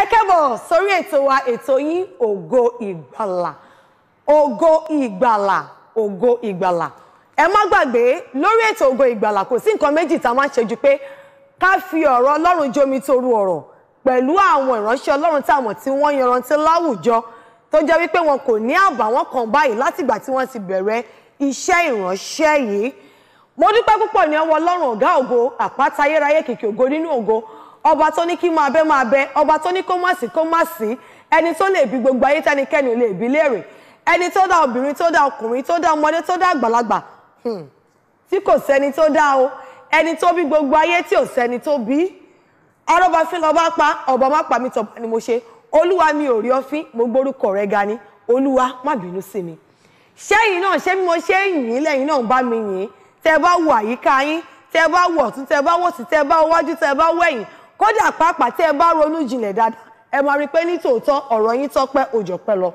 ẹ kẹ́bọ̀ sórí ètò wa ètò yín ògo ìgbàlà ògo ìgbàlà ògo ìgbàlà ẹ má gbàgbé lórí ètò ògo ìgbàlà kò sí nǹkan méjì tá a máa ń ṣe ju pé ká fi ọ̀rọ̀ ọlọ́run jomi toru ọ̀rọ̀ pẹ̀lú àwọn ìránṣẹ́ ọlọ́run táwọn tí wọ́n yanrantí láwùjọ tó jẹ́ wípé wọn kò ní àbàwọ́n kan báyìí látìgbà tí wọ́n ti bẹ̀rẹ̀ iṣẹ́ ìránṣẹ́ yìí mo dúpẹ́ púpọ̀ ní ọwọ́ ọlọ́run ọ̀gá ògo àpáta ayérayé kìkì ògo nínú ògo ọba tó ní kí máa bẹ máa bẹ ọba tó ní kó má sí kó má sí ẹni tó lè bí gbogbo ayé tẹnikẹ́ni lè bí léèrè ẹni tó dá obìnrin tó dá ọkùnrin tó dá ọmọdé tó dá àgbàlagbà hmm, tí kò sẹ́ni tó dá o ẹni tó bí gbogbo ayé tí ò sẹ́ni tó bí ọlọ́ba fi lọ́ọ́ pa ọba má pa mi tọ̀ba ni mo ṣe olúwa mi ò rí ọfín mo gbórúkọ rẹ ga ni olúwa má bínú sí mi ṣẹ́yìn náà ṣé mo ṣe yìn lẹ́yìn náà bá mi yìn tẹ́ bá wo àyíká yín tẹ́ bá wo ọ̀tún tẹ́ bá wo sí tẹ́ bá wo wájú tẹ́ bá wo kódà pàápàá tẹ́ ẹ bá ronú jinlẹ̀ dáadáa ẹ máa rí i pé ní tòótọ́ ọ̀rọ̀ yín tọ́pẹ́ òjò pẹ́ lọ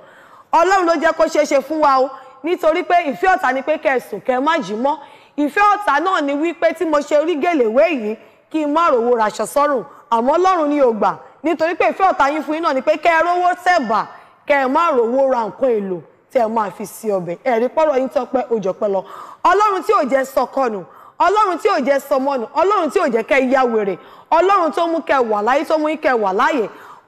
ọlọ́run ló jẹ́ kó ṣeé ṣe fún wa o nítorí pé ìfẹ́ ọ̀tá ni pé kẹsùn kẹ má jí mọ́ ìfẹ́ ọ̀tá náà ni wípé tí mo ṣe rí gèlèwé yìí kí n má rówó raṣọ sọ́rùn àmọ́ ọlọ́run ni ò gbà nítorí pé ìfẹ́ ọ̀tá yín fún yín náà ni pé kẹ rówó tẹ̀bà kẹ má rówó ra nǹkan èlò tẹ máa fi sí ọbẹ̀ ẹ̀rí pọ̀rọ̀ yín tọ́pẹ́ òjò pẹ́ lọ ọlọ́run tí ò jẹ́ sọkọnù ọlọ́run tí ò jẹ́ sọmọnù ọlọ́run tí ò jẹ́ kẹ́ ya wèrè ọlọ́run tó mú kẹ́ wà láyé tó mú kẹ́ wà láyé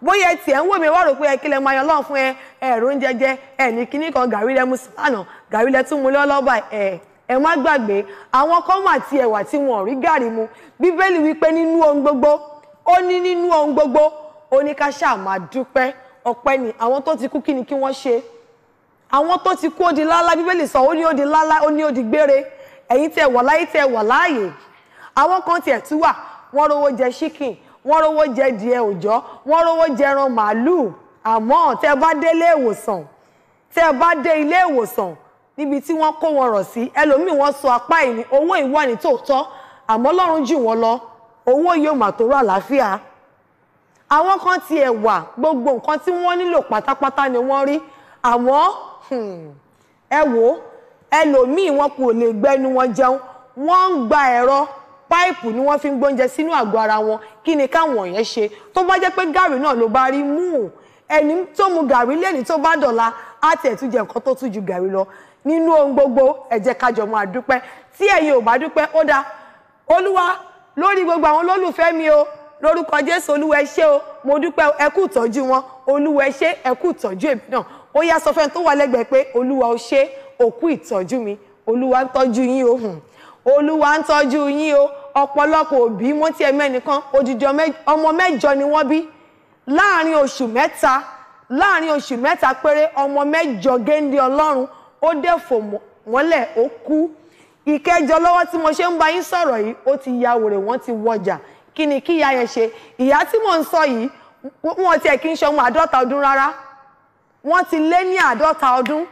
bóyá ẹ tiẹ̀ ń wò mí wá rò pé ẹ kílẹ̀ máa yan lọ́run fún ẹ ẹ̀rọ oúnjẹ jẹ ẹ ní kíní kan gàrí lẹ mú sílànà gàrí lẹ tún mú lọ́lọ́ba ẹ ẹ má gbàgbé àwọn kan mà ti ẹ̀wà tí wọn ò rí gàrí mu bíbélì wípé nínú ohun gbogbo ó ní nínú ohun gbogbo ó ní ká ṣáà máa dúpẹ́ ọpẹ́ ni àwọn tó ti kú kí ni kí wọ́n ṣe àwọn tó ti kú ó di lálá bíbélì sọ ó ní ó di lálá ó ní ó di gbére ẹ̀yin tẹ́ wà láyé tẹ́ wà láàyè àwọn kan tiẹ̀ tún wà wọ́n rówó jẹ chicken wọ́n rówó jẹ díẹ̀ òjọ́ wọ́n rówó jẹ ẹran màálùú àmọ́ tẹ́ bá dé ilé ìwòsàn tẹ́ bá dé ilé ìwòsàn níbi tí wọ́n kó wọn rọ̀ sí ẹlòmíì wọ́n sọ apá ìní owó ìwọ ní tòótọ́ àmọ́ Ọlọ́run jù wọ́n lọ owó yóò mà tó rà láfíà àwọn kan tiẹ̀ wà gbogbo nǹkan tí wọ́n nílò pátápátá ni wọ́n rí àmọ́ hmm, ẹ wò ó ẹlòmíì wọn kò lè gbẹnu wọn jẹun wọ́n ń gba ẹ̀rọ páìpù ni wọ́n fi ń gbóúnjẹ sínú àgọ́ ara wọn kí ni káwọn yẹn ṣe tó bá jẹ́ pé gàrí náà ló bá rí mú un ẹni tó mu gàrí lẹ́ni tó bá dọ̀la á tiẹ̀ tún jẹ nǹkan tó tún ju gàrí lọ nínú ohun gbogbo ẹ jẹ́ ká jọ tí ẹ̀yin ò bá dúpẹ́ ó dáa olúwa lórí gbogbo àwọn olólùfẹ́ mi o lórúkọ jésù olúwa ẹ o mo dúpẹ́ ẹ kú ìtọ́jú wọn olúwa ẹ ṣé ẹ kú ìtọ́jú èmi náà ó yá sọ tó wà lẹ́gbẹ̀ẹ́ pé olúwa ó ṣé òkú ìtọ́jú mi olúwa ń tọ́jú yín o olúwa ń tọ́jú yín o ọ̀pọ̀lọpọ̀ òbí mo tiẹ̀ mẹ́nìkan odidi ọmọ mẹ́jọ ni wọ́n bí láàrin oṣù mẹ́ta láàrin oṣù mẹ́ta péré ọmọ mẹ́jọ géńdé ọlọ́run ó dẹ̀ fò mọ́lẹ̀ ó kú ìkẹjọ lọ́wọ́ tí mo ṣe ń bá yín sọ̀rọ̀ yìí ó ti ya wèrè wọ́n ti wọjà kí ni kí yẹn ṣe ìyá tí mò ń sọ yìí wọn tiẹ̀ kì í ṣe ọmọ àádọ́ta ọdún rárá wọ́n ti lé ní àádọ́ta ọdún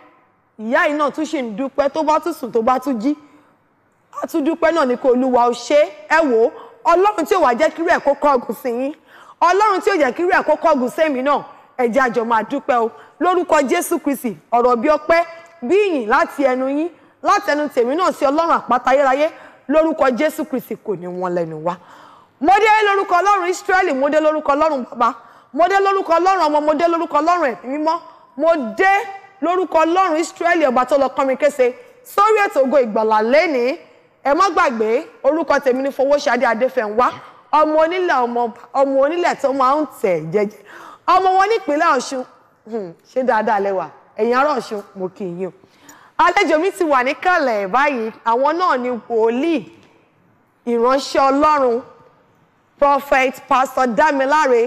ìyá yìí náà tún ṣì ń dúpẹ́ tó bá tún sùn tó bá tún jí á tún dúpẹ́ náà ní kó olúwa ó ṣe ẹ wò ó ọlọ́run tí ò wá jẹ́ kí rẹ̀ kó kọ́gùn sí yín ọlọ́run tí ò jẹ́ kí rẹ̀ kó kọ́gùn sẹ́mi náà ẹ jẹ́ máa dúpẹ́ o lórúkọ jésù kristi ọ̀rọ̀ bí ọpẹ́ bí ìyìn láti ẹnu yín láti ẹnu tèmi náà sí ọlọ́run àpáta ayérayé lórúkọ jésù kristi kò ní wọn lẹ́nu wa mo dé lórúkọ ọlọ́run ísírẹ́lì mo dé lórúkọ ọlọ́run bàbá mo dé lórúkọ ọlọ́run ọmọ mo dé lórúkọ ọlọ́run ẹ̀mí mímọ́ mo dé lórúkọ ọlọ́run Ísírẹ́lì ọba tó lọ kọrin kése sórí ètò ògo ìgbàlà lẹ́ni ẹ má gbàgbé orúkọ tèmi ní Fowóṣadé Adéfẹ̀nwá ọmọ onílẹ̀ ọmọ onílẹ̀ tó máa ń tẹ̀ jẹjẹ ọmọ wọn nípínlẹ̀ Ọ̀ṣun hmm, ṣé dáadáa lẹ́wà ẹ̀yin ará Ọ̀ṣun mo kì í yín o mi ti wà níkàlẹ̀ báyìí àwọn náà ni wòlíì ìránṣẹ́ ọlọ́run prophet pastor Dámiláre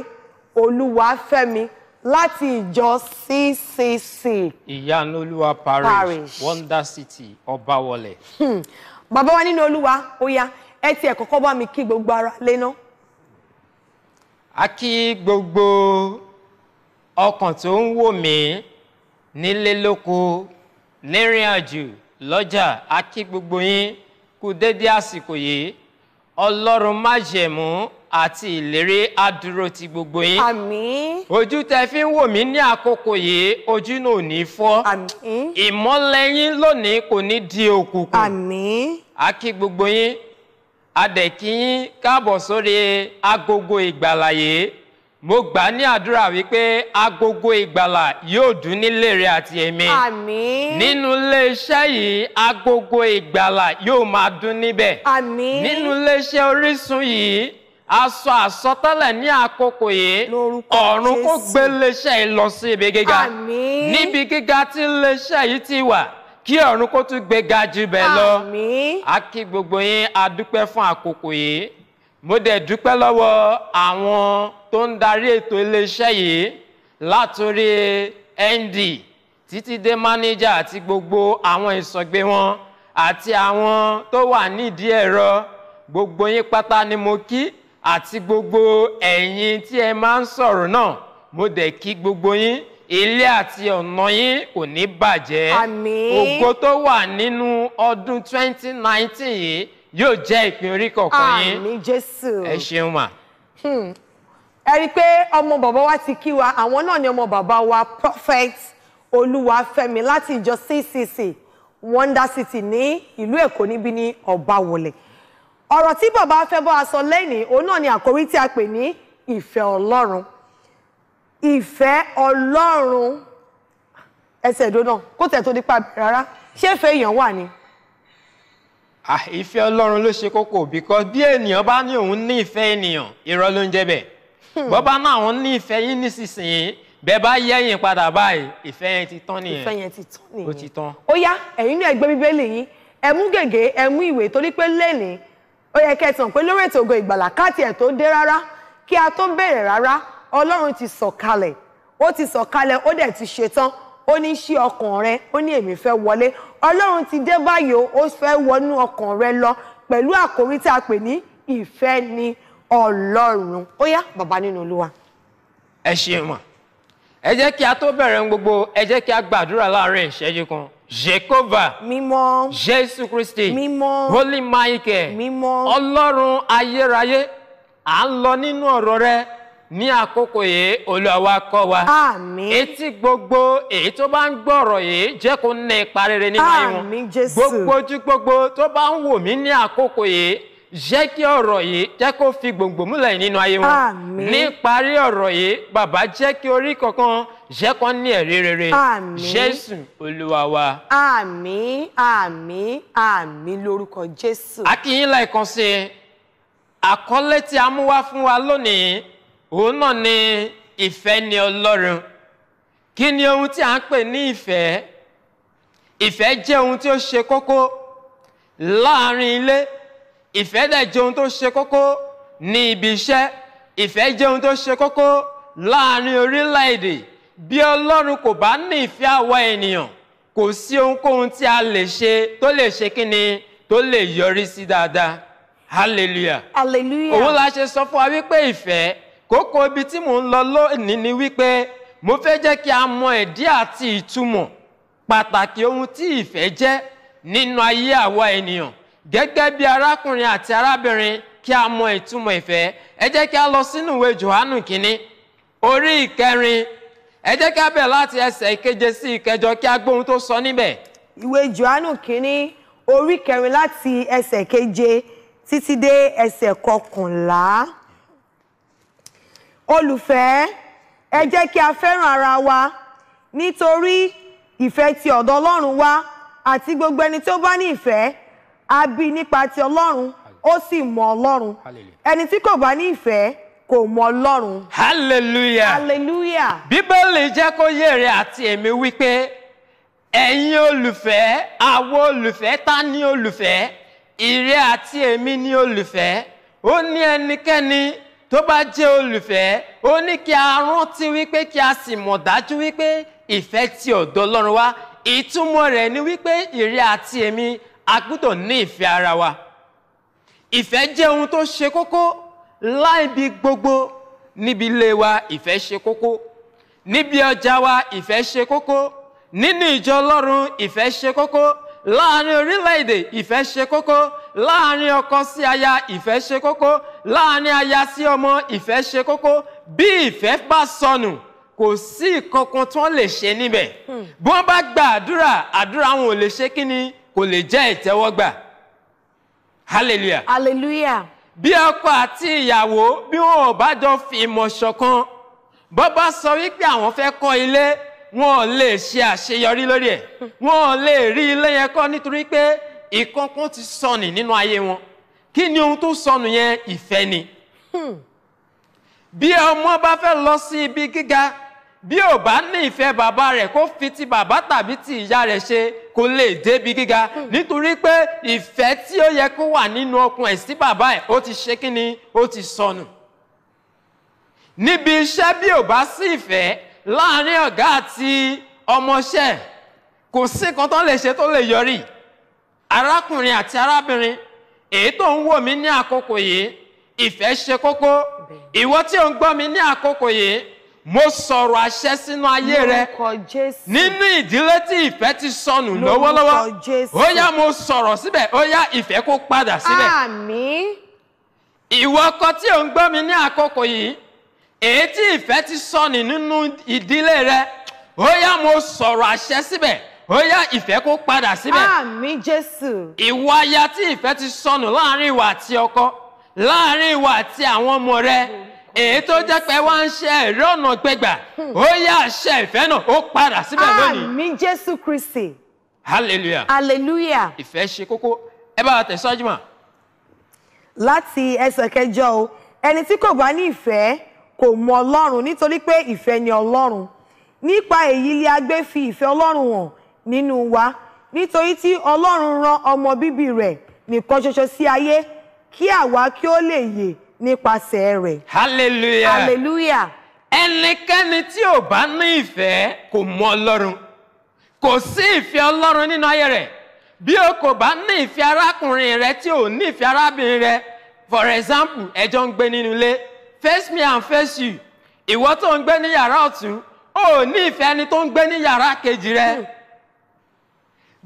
Olúwafẹ́mi láti ìjọ CCC. ìyanu olúwa parish, parish wonder city ọbawọlẹ. Hmm. bàbá wa nínú olúwa ó yá ẹ tiẹ̀ kọ́kọ́ bá mi kí gbogbo ara léná. a kí gbogbo ọkàn tó ń wò mí nílé lóko lérìn àjò lọ́jà a kí gbogbo yín kú dédé àsìkò yìí ọlọ́run májẹ̀mú àti ìlérí á ti gbogbo yín. àmín. ojú tẹ fi ń wò mí ní àkókò yìí ojú náà ò ní fọ́. àmín. ìmọ́lẹ̀ lónìí kò ní di òkùnkùn. àmín. a kí gbogbo yín a káàbọ̀ sórí agogo ìgbàlà yìí mo gbà ní àdúrà wípé agogo ìgbàlà yóò dún nílé rẹ àti èmi. àmín. nínú iléeṣẹ́ yìí agogo ìgbàlà yóò máa dún níbẹ̀. àmín. nínú iléeṣẹ́ Orísun yìí aṣọ àsọtẹ́lẹ̀ ní àkókò yìí ọ̀run kò gbé iléeṣẹ́ yìí lọ sí ibi gíga níbi gíga tí iléeṣẹ́ yìí ti wà kí ọ̀run kó tún gbé ga jù bẹ́ẹ̀ lọ a kí gbogbo yín a dúpẹ́ fún àkókò yìí mo dẹ̀ dúpẹ́ lọ́wọ́ àwọn tó ń darí ètò iléeṣẹ́ yìí látòrí ND títí dé mánéjà àti gbogbo àwọn ìsọ̀gbé wọn àti àwọn tó wà nídìí ẹ̀rọ gbogbo yín pátá ni mo kí àti gbogbo ẹ̀yin tí ẹ máa ń sọ̀rọ̀ náà mo dẹ̀ kí gbogbo yín ilé àti ọ̀nà yín kò ní bàjẹ́ àmín ògo tó wà nínú ọdún 2019 yìí yóò jẹ́ ìpín orí kọ̀ọ̀kan yín àmín Jésù ẹ ṣeun mà. Hmm. ẹ rí i pé ọmọ bàbá wa ti kí wa àwọn náà ni ọmọ bàbá wa prophet Olúwafẹ́mi láti ìjọ CCC Wonder City ní ìlú Èkó níbí ní Ọ̀báwọlẹ̀ ọ̀rọ̀ tí bàbá fẹ́ bá a sọ òun náà ni àkórí tí a pè ní ìfẹ́ ọlọ́run ìfẹ́ ọlọ́run ẹsẹ̀ ìdó náà kó tẹ̀ tó nípa rárá ṣé ìfẹ́ èèyàn wà ni. Ah, ìfẹ́ ọlọ́run ló ṣe kókó bíkọ́ bí ènìyàn bá ní òun ní ìfẹ́ ènìyàn irọ́ ló ń jẹ́ bẹ́ẹ̀ hmm. bọ́bá náà òun ní ìfẹ́ yín nísinsìnyí bẹ́ẹ̀ bá yẹ̀yìn padà báyìí ìfẹ́ yẹn ti tán nìyẹn ìfẹ́ yẹn ti tán nìyẹn ó ti tán. ó yá ẹ̀yin náà ẹ bíbélì yín ẹ gègé ẹ ìwé torí pé lẹ́nìí ó yẹ kẹsàn pé lórí ètò ògo ìgbàlà káàtì ẹ̀ tó dé rárá kí a tó bẹ̀rẹ̀ rárá ọlọ́run ti sọ̀kalẹ̀ ó ti sọ̀kalẹ̀ ó dẹ̀ ti ṣetán ó ní ṣí ọkàn rẹ ó ní èmi fẹ́ wọlé ọlọ́run ti dé báyìí ó fẹ́ wọnú ọkàn rẹ lọ pẹ̀lú àkórí tá a pè ní ìfẹ́ ni ọlọ́run ó yá bàbá nínú olúwa. ẹ ṣe mọ ẹ jẹ́ kí a tó bẹ̀rẹ̀ gbogbo ẹ jẹ́ kí a gbàdúrà láàárín ìṣẹ́jú kan Jehovah. Mímọ́. Jésù Kristi. Mímọ́. Holy Michael. Mímọ́. Ọlọ́run ayérayé. À ń lọ nínú ọ̀rọ̀ rẹ ní àkókò yìí Olúwa wa kọ́ wa. Àmín. Etí gbogbo èyí tó bá ń gbọ́rọ̀ yìí jẹ́ kó ní ipa rere nínú ayé wọn. Àmín Jésù. Gbogbo ojú gbogbo tó bá ń wò mí ní àkókò yìí jẹ́ kí ọ̀rọ̀ yìí jẹ́ kó fi gbòǹgbò múlẹ̀ nínú ayé wọn. àmín. ní parí ọ̀rọ̀ yìí bàbá jẹ́ kí orí kankan jẹ́ kán ní ẹ̀rí rere. àmín. jésù olúwa wa. àmín àmín àmín lórúkọ jésù. a kí yín lẹ́ẹ̀kan sí i àkọlé tí a mú wá fún wa lónìí òun náà ni ìfẹ́ ni ọlọ́run kí ni ohun tí a ń pè ní ìfẹ́ ìfẹ́ jẹ́ ohun tí ó ṣe kókó láàárín ilé ìfẹ́ dẹ̀ jẹ́ ohun tó ṣe kókó ní ibi iṣẹ́ ìfẹ́ jẹ́ ohun tó ṣe kókó láàrin orílẹ̀-èdè bí ọlọ́run kò bá ní ìfẹ́ àwa ènìyàn kò sí ohunkóhun tí a lè ṣe tó lè ṣe kí ni tó lè yọrí sí dáadáa hallelujah hallelujah òun la ṣe sọ fún wa wípé ìfẹ́ kókó ibi tí mò ń lọ lónìí ni wípé mo fẹ́ jẹ́ kí a mọ ìdí àti ìtumọ̀ pàtàkì ohun tí ìfẹ́ jẹ́ nínú ayé àwa ènìyàn gẹ́gẹ́ bí arákùnrin àti arábìnrin kí a mọ ìtumọ̀ ìfẹ́ ẹ jẹ́ kí a lọ sínú ìwé Jòhánù kínní orí ìkẹrin ẹ jẹ́ kí a bẹ̀ láti ẹsẹ̀ ìkeje sí ìkẹjọ kí a gbóhun tó sọ níbẹ̀. ìwé Jòhánù kínní orí kẹrin láti ẹsẹ̀ keje títí dé ẹsẹ̀ kọkànlá olùfẹ́ ẹ jẹ́ kí a fẹ́ràn ara wa nítorí ìfẹ́ ti ọ̀dọ̀ Ọlọ́run wá àti gbogbo ẹni tó bá ní ìfẹ́ a bí nípa ti ọlọ́run ó sì mọ ọlọ́run ẹni tí kò bá ní ìfẹ́ kò mọ ọlọ́run. hallelujah hallelujah. bíbélì jẹ́ kó yèrè àti èmi wípé ẹ̀yin olùfẹ́ àwọn olùfẹ́ ta ni olùfẹ́ ìrẹ́ àti èmi ni olùfẹ́ ó ní ẹnikẹ́ni tó bá jẹ́ olùfẹ́ ó ní kí a rántí wípé kí a sì mọ̀ dájú wípé ìfẹ́ ti ọ̀dọ̀ ọlọ́run wá ìtumọ̀ rẹ̀ ni wípé ìrẹ́ àti èmi a gbúdọ̀ ní ìfẹ́ ara wa ìfẹ́ jẹ́ ohun tó ṣe kókó láìbi gbogbo níbi ilé wa ìfẹ́ ṣe kókó níbi ọjà wa ìfẹ́ ṣe kókó nínú ìjọ ọlọ́run ìfẹ́ ṣe kókó láàárín orílẹ̀-èdè ìfẹ́ ṣe kókó láàárín ọkọ sí aya ìfẹ́ ṣe kókó láàárín aya sí ọmọ ìfẹ́ ṣe kókó bí ìfẹ́ bá sọnù kò sí ìkankan tí wọ́n lè ṣe níbẹ̀ hmm. bí wọ́n bá gba àdúrà àdúrà wọn ò lè ṣe kí ni kò lè jẹ́ ìtẹ́wọ́gbà hallelujah. hallelujah. bí ọkọ àti ìyàwó bí wọn ò bá jọ fi ìmọ̀ ṣọ̀kan bọ́ bá sọ wípé àwọn fẹ́ kọ́ ilé wọn ò lè ṣe àṣeyọrí lórí ẹ̀ wọn ò lè rí ilé yẹn kọ́ nítorí pé ìkọ̀ọ̀kan ti sọnù nínú ayé wọn kí ni ohun tó sọnù yẹn ìfẹ́ ni. Hmm. bí ọmọ bá fẹ́ lọ sí ibi gíga bí ò bá ní ìfẹ́ bàbá rẹ̀ kó fi ti bàbá tàbí ti ìyá rẹ̀ ṣe kó lè débi gíga hmm. nítorí pé ìfẹ́ tí ó yẹ kó wà nínú ọkùn ẹ̀ sí bàbá ẹ̀ ó ti ṣe kí ni ó ti sọnù níbi iṣẹ́ bí ò bá sí ìfẹ́ láàárín ọ̀gá àti ọmọṣẹ́ kò sí nǹkan tó lè ṣe tó lè yọrí arákùnrin àti arábìnrin èyí tó ń wò mí ní àkókò yìí ìfẹ́ ṣe kókó ìwọ tí ò ń gbọ́ mi ní àkókò yìí mo sọ̀rọ̀ àṣẹ sínú ayé rẹ nínú ìdílé tí ìfẹ́ ti sọnù lọ́wọ́lọ́wọ́ ó yá mo sọ̀rọ̀ síbẹ̀ ó yá ìfẹ́ kó padà síbẹ̀. àmín. ìwọ ọkọ tí ò ń gbọ́ mi ní àkókò yìí èyí tí ìfẹ́ ti sọnù nínú ìdílé rẹ ó yá mo sọ̀rọ̀ àṣẹ síbẹ̀ ó yá ìfẹ́ kó padà síbẹ̀. àmín ìwọ aya tí ìfẹ́ ti sọnù láàrin ìwà àti ọkọ láàrin ìwà àti àwọn ọmọ rẹ. Mm èyí tó jẹ́ pé wá ń ṣe ẹ̀rí ọ̀nà gbẹgbà hmm. ó yá àṣẹ ìfẹ́ náà ó padà síbẹ̀ lónìí. àmì jésù kristi. hallelujah. hallelujah. ìfẹ́ ṣe kókó ẹ bá wa tẹ̀síwájú mà. láti ẹsẹ̀ kẹjọ o ẹni tí kò bá ní ìfẹ́ kò mọ ọlọ́run nítorí pé ìfẹ́ ni ọlọ́run nípa èyí lé agbé fi ìfẹ́ ọlọ́run hàn nínú wa nítorí tí ọlọ́run rán ọmọ bíbí rẹ̀ nìkan ṣoṣo sí ayé kí àwa kí ó lè yè nípasẹ̀ rẹ̀. hallelujah hallelujah. ẹnikẹ́ni tí ò bá ní ìfẹ́ kò mọ ọlọ́run kò sí ìfẹ́ ọlọ́run nínú ayé rẹ̀ bí o kò bá ní ìfẹ́ arákùnrin rẹ tí ò ní ìfẹ́ arábìnrin rẹ for example ẹjọ́ ń gbé nínú ilé face me and face you ìwọ tó ń gbé ní yàrá ọ̀tún ò ní ìfẹ́ ẹni tó ń gbé ní yàrá kejì rẹ hmm.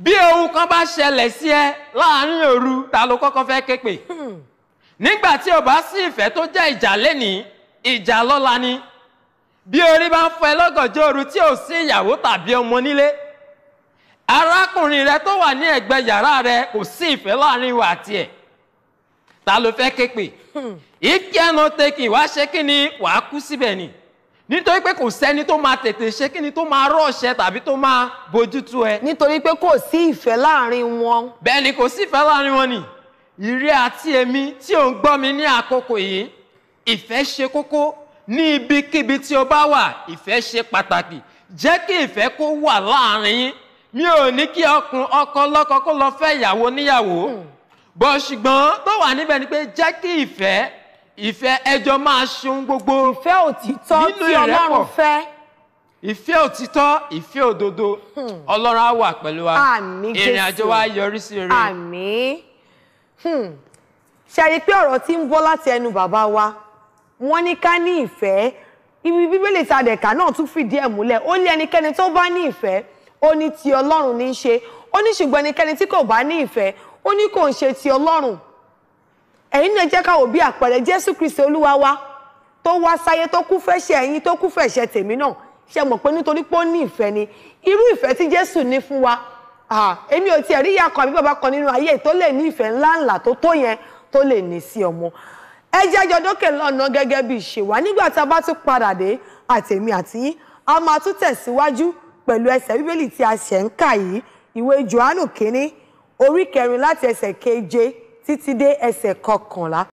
bí ohun kan bá ṣẹlẹ̀ sí ẹ láàárín òru ta ló kọ́kọ́ fẹ́ képe. Hmm. nígbà tí ó bá sí ìfẹ́ tó jẹ́ ìjà lẹ́nìí ìjà lọ́la ni bí orí bá ń fọ ẹ lọ́gànjọ́ òru tí ò sí ìyàwó tàbí ọmọ nílé arákùnrin rẹ tó wà ní ẹ̀gbẹ́ yàrá rẹ kò sí ìfẹ́ láàrin ìwà àti ẹ̀ ta ló fẹ́ ké ìkí ẹnu tẹkì wá ṣe kí ni wàá kú síbẹ̀ ni nítorí pé kò sẹ́ni tó máa tètè ṣe kí ni tó máa rọ̀ṣẹ́ tàbí tó máa bójútó ẹ. nítorí pé kò sí ìfẹ́ láàrin wọn. bẹ́ẹ̀ ni kò sí ìfẹ́ láàrin wọn ni ìrẹ́ àti èmi tí ò ń gbọ́ mi ní àkókò yìí ìfẹ́ ṣe kókó ní ibikíbi tí o bá wà ìfẹ́ ṣe pàtàkì jẹ́ kí ìfẹ́ kó wà láàrin yín mi ò ní kí ọkùn ọkọ lọ́kọ kó lọ fẹ́ ìyàwó níyàwó bọ́ ṣùgbọ́n tó wà níbẹ̀ ni pé jẹ́ kí ìfẹ́ ìfẹ́ ẹjọ́ máa ṣeun gbogbo ìfẹ́ òtítọ́ tí Ọlọ́run fẹ́ ìfẹ́ òtítọ́ ìfẹ́ òdodo hmm. Ọlọ́run á wà pẹ̀lú wa ìrìn àjò wa yọrí sí rere. àmín Hmm. ṣe rí i pé ọ̀rọ̀ tí ń bọ́ láti ẹnu bàbá wa wọ́n ní ká ní ìfẹ́ ibi bíbélì tàdẹ̀ká náà tún fìdí ẹ̀ múlẹ̀ ó lé ẹnikẹ́ni tó bá ní ìfẹ́ ó ní ti ọlọ́run ní í ṣe ó ní ṣùgbọ́n ẹnikẹ́ni tí kò bá ní ìfẹ́ ó ní kò ń ṣe ti ọlọ́run ẹ̀yin náà jẹ́ ká wò bí àpẹẹrẹ jésù kristi olúwa wa tó wá sáyé tó kú fẹ́ṣẹ̀ ẹ̀yin tó kú fẹ́ṣẹ̀ tèmi náà ṣe mọ̀ pé nítorí pé ó ní ìfẹ́ ni irú ìfẹ́ tí jésù ní fún wa èmi ò tiẹ̀ rí ìyá kan àbí bàbá kan nínú ayé tó lè ní ìfẹ́ ńláńlá tó tó yẹn tó lè ní sí ọmọ ẹ jẹ́ jọ dókè lọ́nà gẹ́gẹ́ bí ìṣe wa nígbà tá a bá tún padà dé àtèmi àti yín a máa tún tẹ̀síwájú pẹ̀lú ẹsẹ̀ bíbélì tí a ṣẹ̀ ń kà yìí ìwé Jòhánù kínní orí kẹrin láti ẹsẹ̀ keje títí dé ẹsẹ̀ kọkànlá